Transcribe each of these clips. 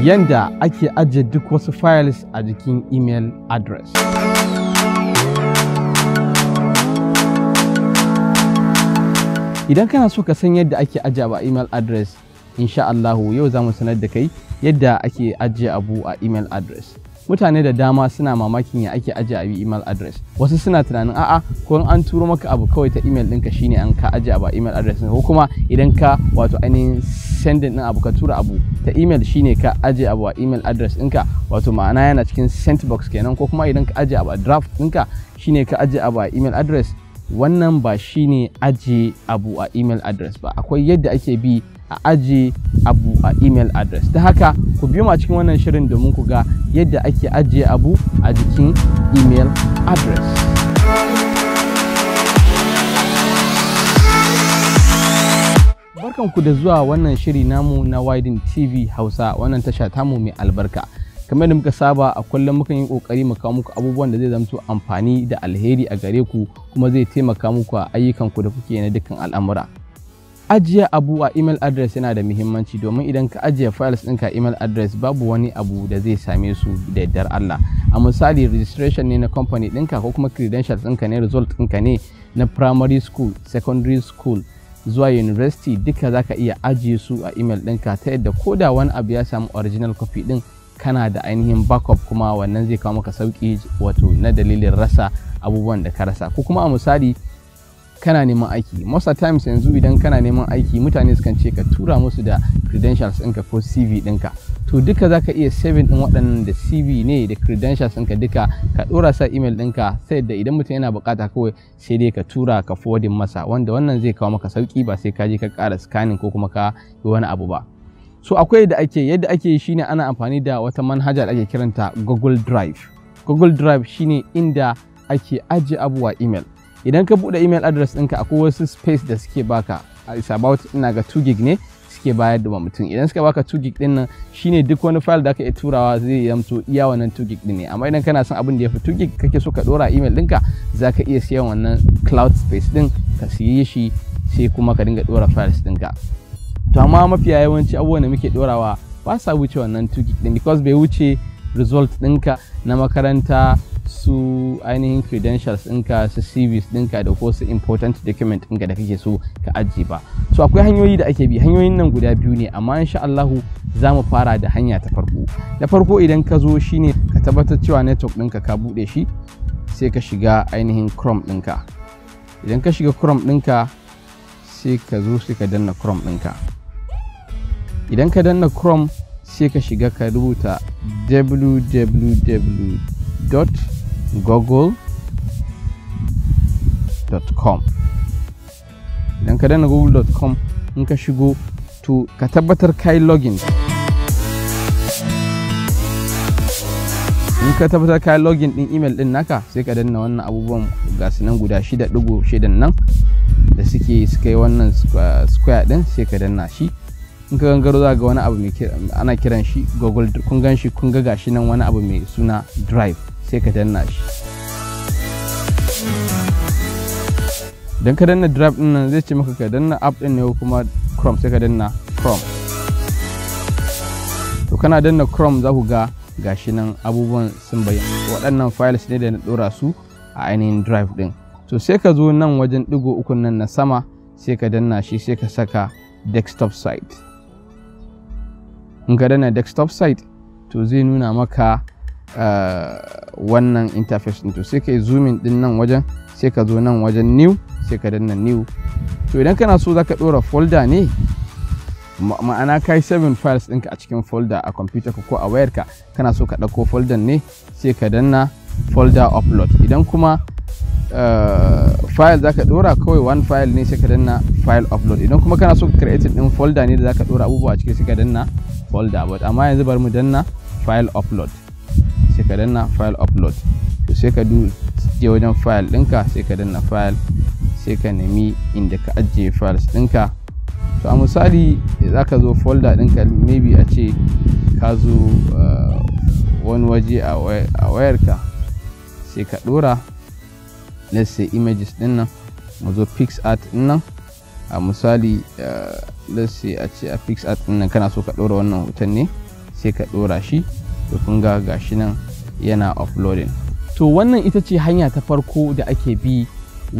yanda ake ajiye duk wasu files a jikin email address. Idan kana so ka san yadda ake ajiye abu a email address, insha Allahu yau za mu sanar da kai yadda ake ajiye abu a email address. mutane da dama suna mamakin ya ake aje abi email address wasu suna tunanin a'a ko an turo maka abu kawai ta email ɗinka shine an ka aje ba email address ko kuma idan ka wato ainihin sending ɗin abu ka tura abu ta email shine ka aje abu a email address ɗinka wato ma'ana yana cikin sent box kenan ko kuma idan ka aje abu a draft ɗinka shine ka aje abu a email address wannan ba shine aje abu a email address ba akwai yadda ake bi a ajiye abu a email address ta haka ku biyo ma cikin wannan shirin domin ku ga yadda ake ajiye abu a jikin email address barkanku da zuwa wannan shiri namu na widen tv hausa wannan tasha tamu mai albarka kamar da muka saba a kullum mukan yi kokari mu kawo muku abubuwan da zai zamto amfani da alheri a gare ku kuma zai taimaka muku a ayyukanku da kuke na dukkan al'amura ajiye abu a email address yana da muhimmanci domin idan ka ajiye files ɗinka a email address babu wani abu da zai same su da yardar Allah a misali registration ne na company ɗinka ko kuma credentials ɗinka ne result ɗinka ne na primary school secondary school zuwa university duka za ka iya ajiye su a email ɗinka ta yadda ko da wani abu ya samu original copy ɗin kana da ainihin backup kuma wannan zai kawo maka sauki wato na dalilin rasa abubuwan da ka rasa ko kuma a misali kana neman aiki most of times yanzu idan kana neman aiki mutane sukan ce ka tura musu da credentials ɗinka ko cv ɗinka to duka za ka iya saving ɗin waɗannan da cv ne da credentials ɗinka duka ka ɗora sa email ɗinka sai da idan mutum yana buƙata kawai sai dai ka tura ka forwarding masa wanda wannan zai kawo maka sauki ba sai ka je ka ƙara scanning ko kuma ka yi wani abu ba so akwai yadda ake yadda ake yi shine ana amfani da wata manhaja da ake kiranta google drive google drive shine inda ake ajiye abubuwa email idan ka buɗe email address ɗinka akwai wasu space da suke baka it's about ina ga 2 gig ne suke bayar da mutum idan suka baka 2 gig din nan shine duk wani file da aka iya turawa zai yamto iya wannan 2 gig din ne amma idan kana son abin da ya fi 2 gig kake so ka dora email ɗinka za ka iya siyan wannan cloud space din ka siye shi sai kuma ka dinga dora files ɗinka to amma mafiya yawanci abubuwan da muke dorawa ba sa wuce wannan 2 gig din because bai wuce result ɗinka na makaranta su ainihin credentials ɗinka su cvs ɗinka da ko su important document ɗinka da kake so ka ajiye ba so akwai hanyoyi da ake bi hanyoyin nan guda biyu ne amma insha Allahu za mu fara da hanya ta farko da farko idan ka zo shine ka tabbatar cewa network ɗinka ka buɗe shi sai ka shiga ainihin chrome ɗinka idan ka shiga chrome ɗinka sai ka zo sai ka danna chrome ɗinka idan ka danna chrome sai ka shiga ka rubuta www google.com idan ka dana google.com in ka shigo to ka tabbatar ka yi login in ka tabbatar ka yi login din email din naka sai ka danna wannan abubuwan ga nan guda shida digo shidan nan da suke suka yi wannan square din sai ka danna shi in ka gangaro za ga wani abu mai ana kiran shi google kun gan shi kun ga gashi nan wani abu mai suna drive sai ka danna shi don ka danna drive din nan zai ce maka ka danna app din ne kuma chrome sai ka danna chrome to kana danna chrome za ku ga gashi nan abubuwan sun bayyana waɗannan files ne da na ɗora su a ainihin drive din to sai ka zo nan wajen ɗigo ukun nan na sama sai ka danna shi sai ka saka desktop site in ka danna desktop site to zai nuna maka Eh, wannan interface to sai ka yi zooming din nan wajen sai ka zo nan wajen new sai ka danna new to idan kana so za ka ɗora folder ne ma'ana kai seven files ɗinka a cikin folder a computer ko a wayarka kana so ka ɗauko folder ne sai ka danna folder upload idan kuma eh, file za ka ɗora kawai one file ne sai ka danna file upload idan kuma kana so ka create ɗin folder ne da za ka ɗora abubuwa a ciki sai ka danna folder but amma yanzu bari mu danna file upload sai ka danna file upload to sai ka je wajen file ɗinka sai ka danna file sai ka nemi inda ka ajiye files ɗinka to a misali za ka zo folder ɗinka maybe a ce ka zo eh, wani waje a wayarka sai ka ɗora let's say images ɗin nan mu zo pixart ɗin nan a misali eh, let's say a ce a pixart ɗin nan kana so ka ɗora wannan hoton ne sai ka ɗora shi to kun ga gashi nan yana uploading to wannan ita ce hanya ta farko da ake bi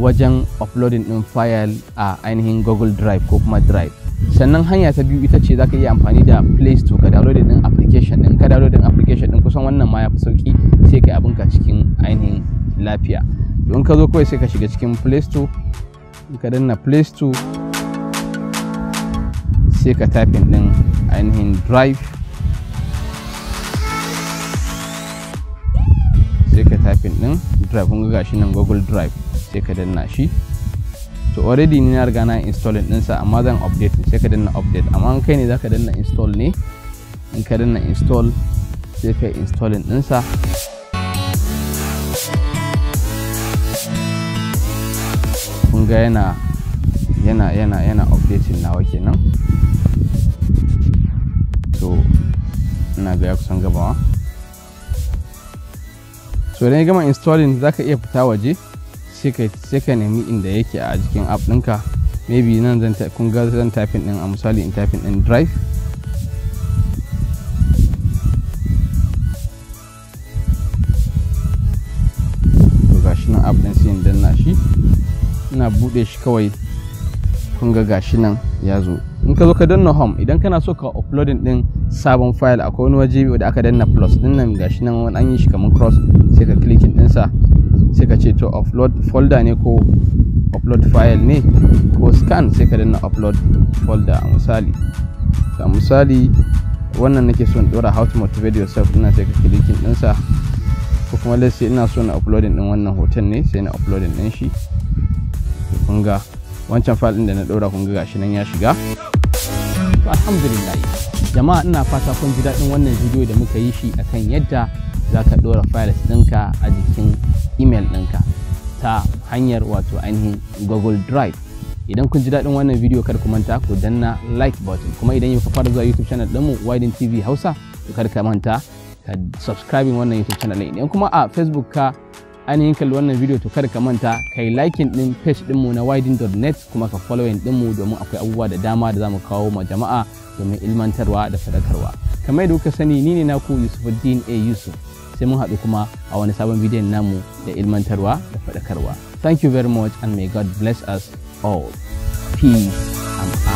wajen uploading din file a ainihin google drive ko kuma drive sannan hanya ta biyu ita ce zaka iya amfani da play store ka download din application din ka download din application din kusan wannan ma yafi sauki sai kai abin ka cikin ainihin lafiya to in ka zo kawai sai ka shiga cikin play store ka danna play store sai ka typing din ainihin drive copying din drive kun ga shi nan google drive sai ka danna shi to already ni na riga na installing sa amma zan update sai ka danna update amma in kai ne zaka danna install ne in ka danna install sai ka installing sa kun ga yana yana yana yana updating nawa kenan to ina ga ya kusan gabawa to idan ya gama installing za ka iya fita waje sai ka nemi inda yake a jikin app ɗinka maybe nan zan kun ga zan typing din a misali in typing din drive to gashi nan app din sai in danna shi ina buɗe shi kawai kun ga gashi nan ya zo in ka zo ka danna home idan kana so ka uploading din sabon file akwai wani waje da aka danna plus din nan gashi nan wani an yi shi kamar cross sai ka clicking ɗinsa sai ka ce to upload folder ne ko upload file ne ko scan sai ka danna upload folder a misali ga misali wannan nake son dora how to motivate yourself ina sai ka clicking ɗinsa ko kuma let's say ina so na uploading ɗin wannan hoton ne sai na uploading ɗin shi kun ga wancan file ɗin da na ɗora kun ga gashi nan ya shiga alhamdulillah jama'a ina fata kun ji daɗin wannan video da muka yi shi akan yadda za ka ɗora files ɗinka a jikin email ɗinka ta hanyar wato ainihin google drive idan kun ji daɗin wannan video kada ku manta ku danna like button kuma idan ka fara zuwa youtube channel ɗinmu widen tv hausa to kada ka manta ka subscribing wannan youtube channel ɗin idan kuma a facebook ka ainihin kalli wannan video to kada ka manta ka yi likin ɗin page ɗinmu na widen.net kuma ka following ɗinmu domin akwai abubuwa da dama da zamu kawo ma jama'a domin ilmantarwa da sadakarwa kamar yadda kuka sani ni ne naku Yusufuddin A Yusuf sai mun haɗu kuma a wani sabon bidiyon namu da ilmantarwa da faɗakarwa thank you very much and may god bless us all peace and